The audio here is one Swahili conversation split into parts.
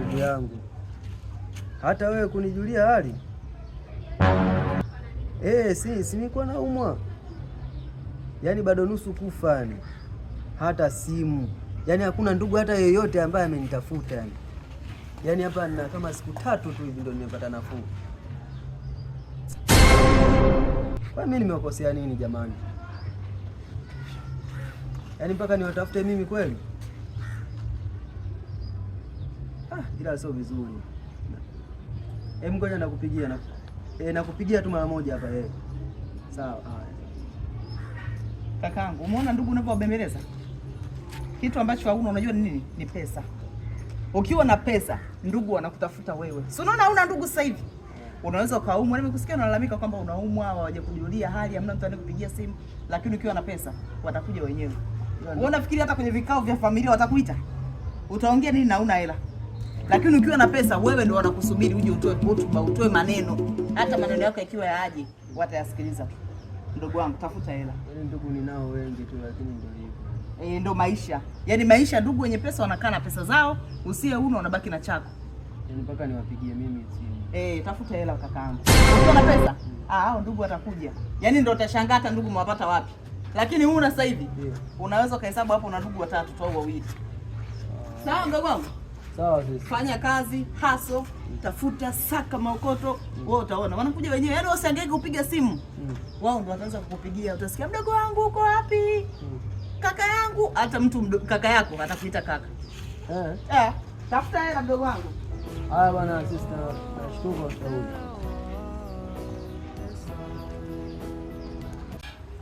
ndugu yangu, hata wewe kunijulia hali e, si si na umwa, yaani bado nusu kufa, yani hata simu, yaani hakuna ndugu hata yeyote ambaye amenitafuta yani yaani hapa na kama siku tatu tu hivi ndio nimepata nafuu. Kwa mimi nimekosea nini jamani? Yaani mpaka niwatafute mimi kweli? kaa sio vizuri. Hebu ngoja nakupigia na eh, nakupigia tu mara moja hapa eh. Sawa, haya. Kakangu, umeona ndugu unavyowabembeleza? Kitu ambacho hauna unajua ni nini? Ni pesa. Ukiwa na pesa, ndugu wanakutafuta wewe. Si unaona huna ndugu sasa hivi? Unaweza ukaumwa. Nimekusikia unalalamika kwamba unaumwa, hawaja kujulia hali, hamna mtu anayekupigia simu, lakini ukiwa na pesa, watakuja wenyewe. Wewe unafikiri hata kwenye vikao vya familia watakuita? Utaongea nini na una hela? Lakini ukiwa na pesa, wewe ndio wanakusubiri uje utoe hotuba, utoe maneno. Hata maneno yako yakiwa yaje, watayasikiliza tu. Ndugu wangu, tafuta hela. Yaani ndugu ninao wengi tu, lakini ndio hivyo eh, ndio maisha. Yaani maisha, ndugu wenye pesa wanakaa na pesa zao, usiye uno unabaki na chako. Yaani mpaka niwapigie mimi simu. Eh, tafuta hela kakaangu. Ukiwa na pesa, ah, hao ndugu watakuja. Yaani ndio utashangaa hata ndugu mwapata wapi. Lakini huna sasa hivi. Yeah. Unaweza kuhesabu hapo na ndugu watatu tu au wawili. Sawa, ndugu wangu? Sawa sisi. Fanya kazi, haso, tafuta saka maokoto, mm. utaona. Wanakuja wenyewe. Yaani wewe kupiga simu. Mm. Wao ndio wataanza kukupigia. Utasikia mdogo wangu uko wapi? Mm. Kaka yangu, hata mtu mdo, kaka yako atakuita kaka. Eh. Eh, tafuta hela mdogo wangu. Haya bwana, sisi tunashukuru kwa ushauri.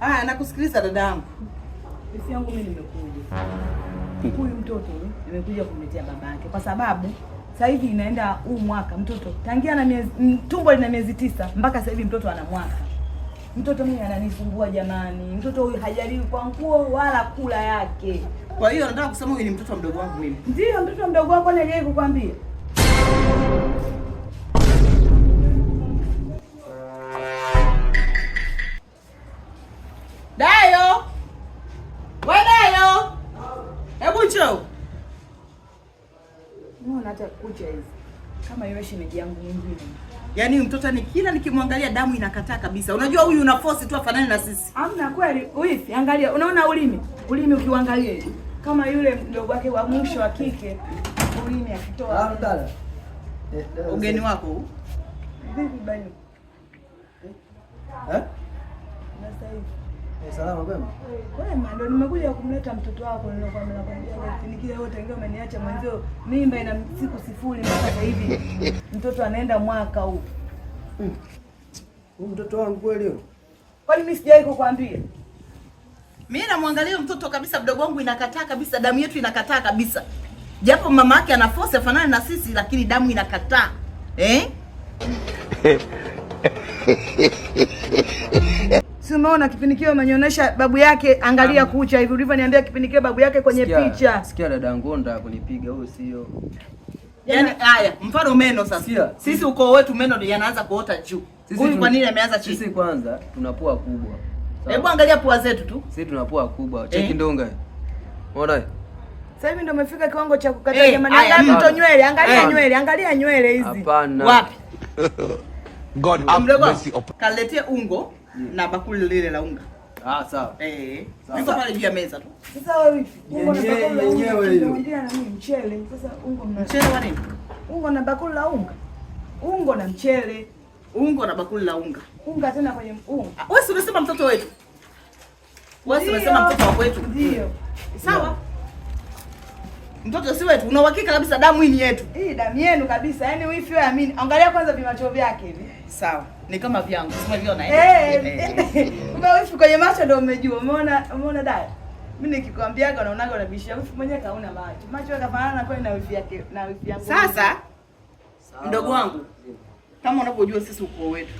Haya, nakusikiliza dada yangu. Sisi yangu mimi nimekuja. Mm. huyu mtoto nimekuja kumletea baba yake, kwa sababu sasa hivi inaenda huu mwaka mtoto tangia na miezi tumbo lina miezi tisa mpaka sasa hivi mtoto ana mwaka. Mtoto mimi ananisumbua jamani, mtoto huyu hajaliwi kwa nguo wala kula yake. Kwa hiyo nataka kusema huyu ni mtoto mdogo wangu mimi. Ndio mtoto mdogo wako, najawahi kukwambia unaona hata kucha hizi kama shemeji yangu mwingine. Yaani mtoto ni kila nikimwangalia damu inakataa kabisa. Unajua huyu una force tu afanane na sisi. Hamna kweli. Hivi angalia, unaona ulimi? Ulimi ukiangalia hivi. Kama yule mdogo wake wa mwisho wa kike ulimi akitoa. Hamdala. Eh, Ugeni wako huu? Vipi bani? Eh? eh? Na sasa hivi. Eh, salama kwema? Kwema, ndio nimekuja kumleta mtoto wako nilokuwa nimekwambia nifinikie wote ngeo umeniacha mwanzo mimba ina siku sifuri mpaka sasa hivi. Mtoto anaenda mwaka huu. Mm. Huyu mtoto wangu kweli huyo? Kwani mimi sijawahi kukwambia? Mimi namwangalia mtoto kabisa, mdogo wangu inakataa kabisa, damu yetu inakataa kabisa. Japo mama yake ana force afanane na sisi, lakini damu inakataa. Eh? Si umeona kipindikio amenionyesha babu yake, angalia Amu. kucha hivi ulivyoniambia kipindikio babu yake kwenye sikia, picha. Sikia dada Ngonda kunipiga huyo sio. Yaani, yaani haya, mfano meno sasa. Sikia. Sisi ukoo wetu meno yanaanza kuota juu. Sisi Huyu kwa nini ameanza chini? Sisi kwanza tuna kubwa. Hebu angalia pua zetu tu. Sisi tuna kubwa. Eh? Cheki eh, ndonga. Unaona? Sasa hivi ndio umefika kiwango cha kukata hey, eh, jamani. Angalia mto nywele, angalia hey, eh. nywele, angalia nywele hizi. Hapana. Wapi? God have mercy Kaletea ungo. Mm. na bakuli lile la unga. Ah, sawa. Eh. eh. Sasa pale juu ya meza tu. Sasa wewe na mimi Mchele. Sasa ungo mna. Mchele wa nini? Ungo na bakuli la unga. Ungo na mchele. Ungo na bakuli la unga. Unga tena kwenye unga. Ah, wewe si unasema mtoto wetu. Wewe si unasema mtoto wa wetu. Ndio. Sawa. Mtoto si wetu. Una uhakika kabisa damu hii ni yetu. Hii damu yenu kabisa. Yaani wifi wewe amini. Angalia kwanza vimacho vyake hivi. Sawa ni kama vyangu sema hivyo naenda wifi kwenye macho ndio umejua. Umeona, umeona dai, mimi nikikwambiaga unaonaga unabishia wifi mwenyewe kauna macho macho yakafanana na kweli na wifi yake na wifi yangu. Sasa mdogo wangu, kama unavyojua sisi ukoo wetu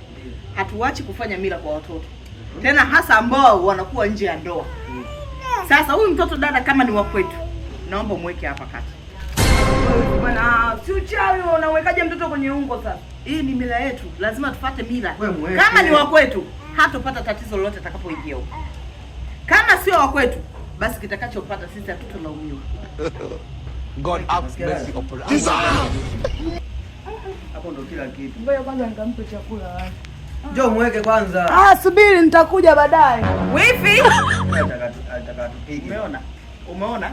hatuachi kufanya mila kwa watoto mhm. tena hasa ambao wanakuwa nje ya ndoa mhm. Sasa huyu mtoto dada, kama ni wa kwetu, naomba mweke hapa kati Bwana future huyo unawekaje mtoto kwenye ungo sasa? Hii ni mila yetu, lazima tufate mila. Kama ni wakwetu, hatopata tatizo lolote atakapoingia huko. Kama sio wakwetu, basi kitakachopata sisi hatutolaumiwa. God have mercy upon us. Hapo ndo kila kitu. Ngoja kwanza nikampe chakula wapi. Njoo muweke kwanza. Ah, subiri nitakuja baadaye. Wifi. Umeona? Umeona?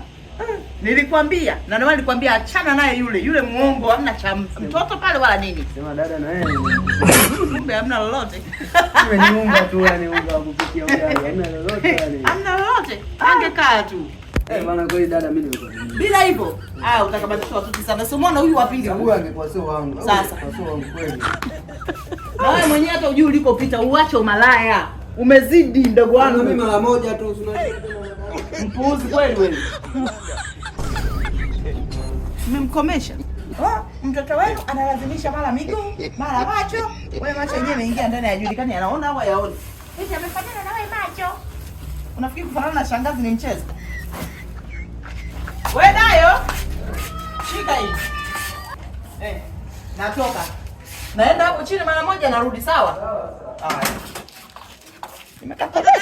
Nilikwambia na ndio nilikwambia achana naye yule yule muongo, hamna cha mtoto pale wala nini. Sema dada na yeye. Kumbe hamna lolote. Ni unga tu yani, unga wa kupikia ugali. Hamna lolote yani. Hamna lolote. Angekaa tu. Eh, maana kweli dada mimi niko Bila hivyo, ah utakamatishwa watu sana. Sio muona huyu wapi ndio. Huyu angekuwa sio wangu. Sasa. Sio wangu kweli. Na wewe mwenyewe hata ujui ulikopita, uache umalaya. Umezidi mdogo wangu. Mimi mara moja tu usinajua. Mpuuzi kweli wewe. Mmemkomesha? Oh, mtoto wenu analazimisha mara miguu, mara macho. Wewe macho yenyewe imeingia ndani ya julikani anaona au hayaoni. Hivi amefanana na wewe macho. Unafikiri kufanana na shangazi ni mchezo? Wewe nayo. Shika hii. Eh, natoka. Naenda hapo chini mara moja narudi sawa? Sawa sawa. Haya. Nimekapata.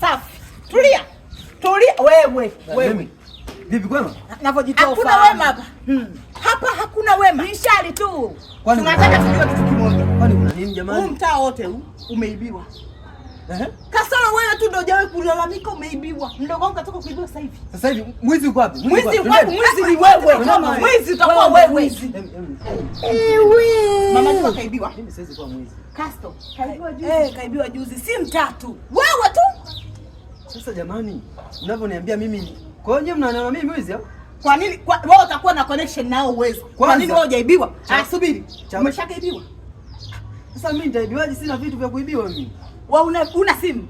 Safi. Tulia. Tulia wewe. Wewe. Vipi kwema? Ninavyojitoa. Hakuna wema hapa. Hmm. Hapa hakuna wema. Ni shari tu. Tunataka tujue kitu kimoja. Kwani kuna nini jamani? Huu mtaa wote huu umeibiwa. Kasoro wewe tu ndio hujawahi kulalamika umeibiwa. Mdogo wangu katoka kuibiwa sasa hivi. Sasa hivi mwizi uko wapi? Mwizi uko wapi? Mwizi ni wewe. Kama mwizi utakuwa wewe. Mama yako kaibiwa. Mimi siwezi kuwa mwizi. Kasto, kaibiwa juzi. Eh, kaibiwa juzi si mtatu. Wewe tu. Sasa jamani, unavyoniambia mimi, kwa hiyo mnaniona mimi mwizi au? Kwa nini wewe utakuwa na connection nao uwezo? Kwa nini wewe hujaibiwa? Ah, subiri. Umeshakaibiwa. Sasa mimi nitaibiwaje? Sina vitu vya kuibiwa mimi wa una, una simu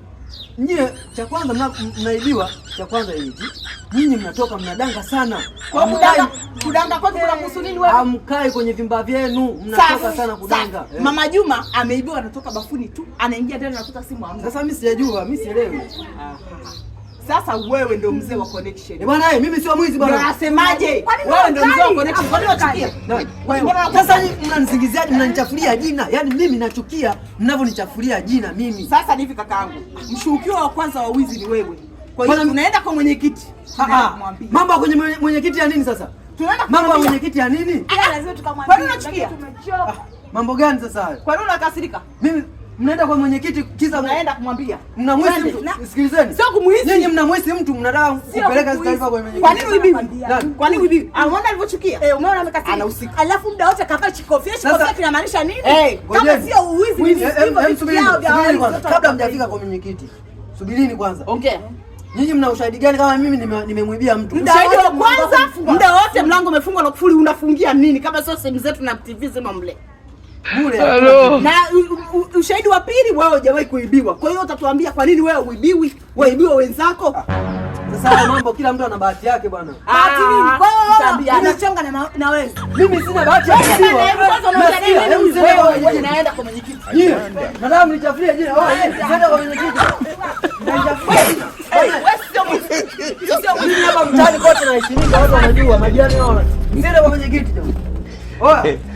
nyie. Cha kwanza mnaibiwa, cha kwanza hivi nyinyi mnatoka mnadanga sana. Kwa kudanga kudanga kwako kuna kuhusu nini wewe? Amkai kwenye vimba vyenu, mnatoka sana kudanga. Eh. Mama Juma ameibiwa, anatoka bafuni tu anaingia ndani anakuta simu. Sasa mimi sijajua, mimi sielewi. Ah, ah, ah. Sasa wewe ndio mzee wa connection. Eh, bwana, eh, mimi sio mwizi bwana. Unasemaje? Wewe ndio mzee wa connection. Kwa nini unachukia? Sasa mnanisingiziaje? Mnanichafulia jina. Yaani mimi nachukia mnavyonichafulia jina mimi. Sasa hivi kakaangu, mshukiwa wa kwanza wa wizi ni wewe. Kwa hiyo tunaenda kwa mwenyekiti. Ah, ah. Mambo ya kwenye mwenyekiti ya nini sasa? Tunaenda mambo ya mwenyekiti ya nini? Lazima ah, tukamwambie. Kwa nini unachukia? Mambo gani sasa hayo? Kwa nini unakasirika? Mimi Mnaenda kwa mwenyekiti kisa mnaenda kumwambia. Mnamwisi mtu. Sikilizeni. Sio kumwisi. Nyinyi mnamwisi mtu mnataka kupeleka hizo taarifa kwa mwenyekiti. Kwa nini uibiwi? Kwa nini uibiwi? Anaona alivyochukia. Eh, umeona amekasirika. Anahusika. Alafu muda wote kavaa chikofia. Chikofia kinamaanisha nini? Eh, kama sio uizi ni hivyo. Eh, Kabla mjafika kwa mwenyekiti. Subirini kwanza. Okay. Nyinyi mna ushahidi gani kama mimi nimemwibia nime mtu? Ushahidi wa kwanza, muda wote mlango umefungwa na kufuli unafungia nini kama sio simu zetu na TV zima mle bure. Na ushahidi wa pili, wewe hujawahi kuibiwa. Kwa hiyo utatuambia kwa nini wewe uibiwi, waibiwa wenzako? Sasa mambo, kila mtu ana bahati yake bwana. Ah, bahati nini? Ah, hiyo unachonga na na wewe. Mimi sina bahati ya kuibiwa. Wewe unaenda kwa mwenyekiti. Madam nichafulie jina. Wewe unaenda kwa mwenyekiti. Mtaani kote naheshimika, watu wanajua, majirani wanaona. Nenda kwa mwenyekiti jamani. Oya.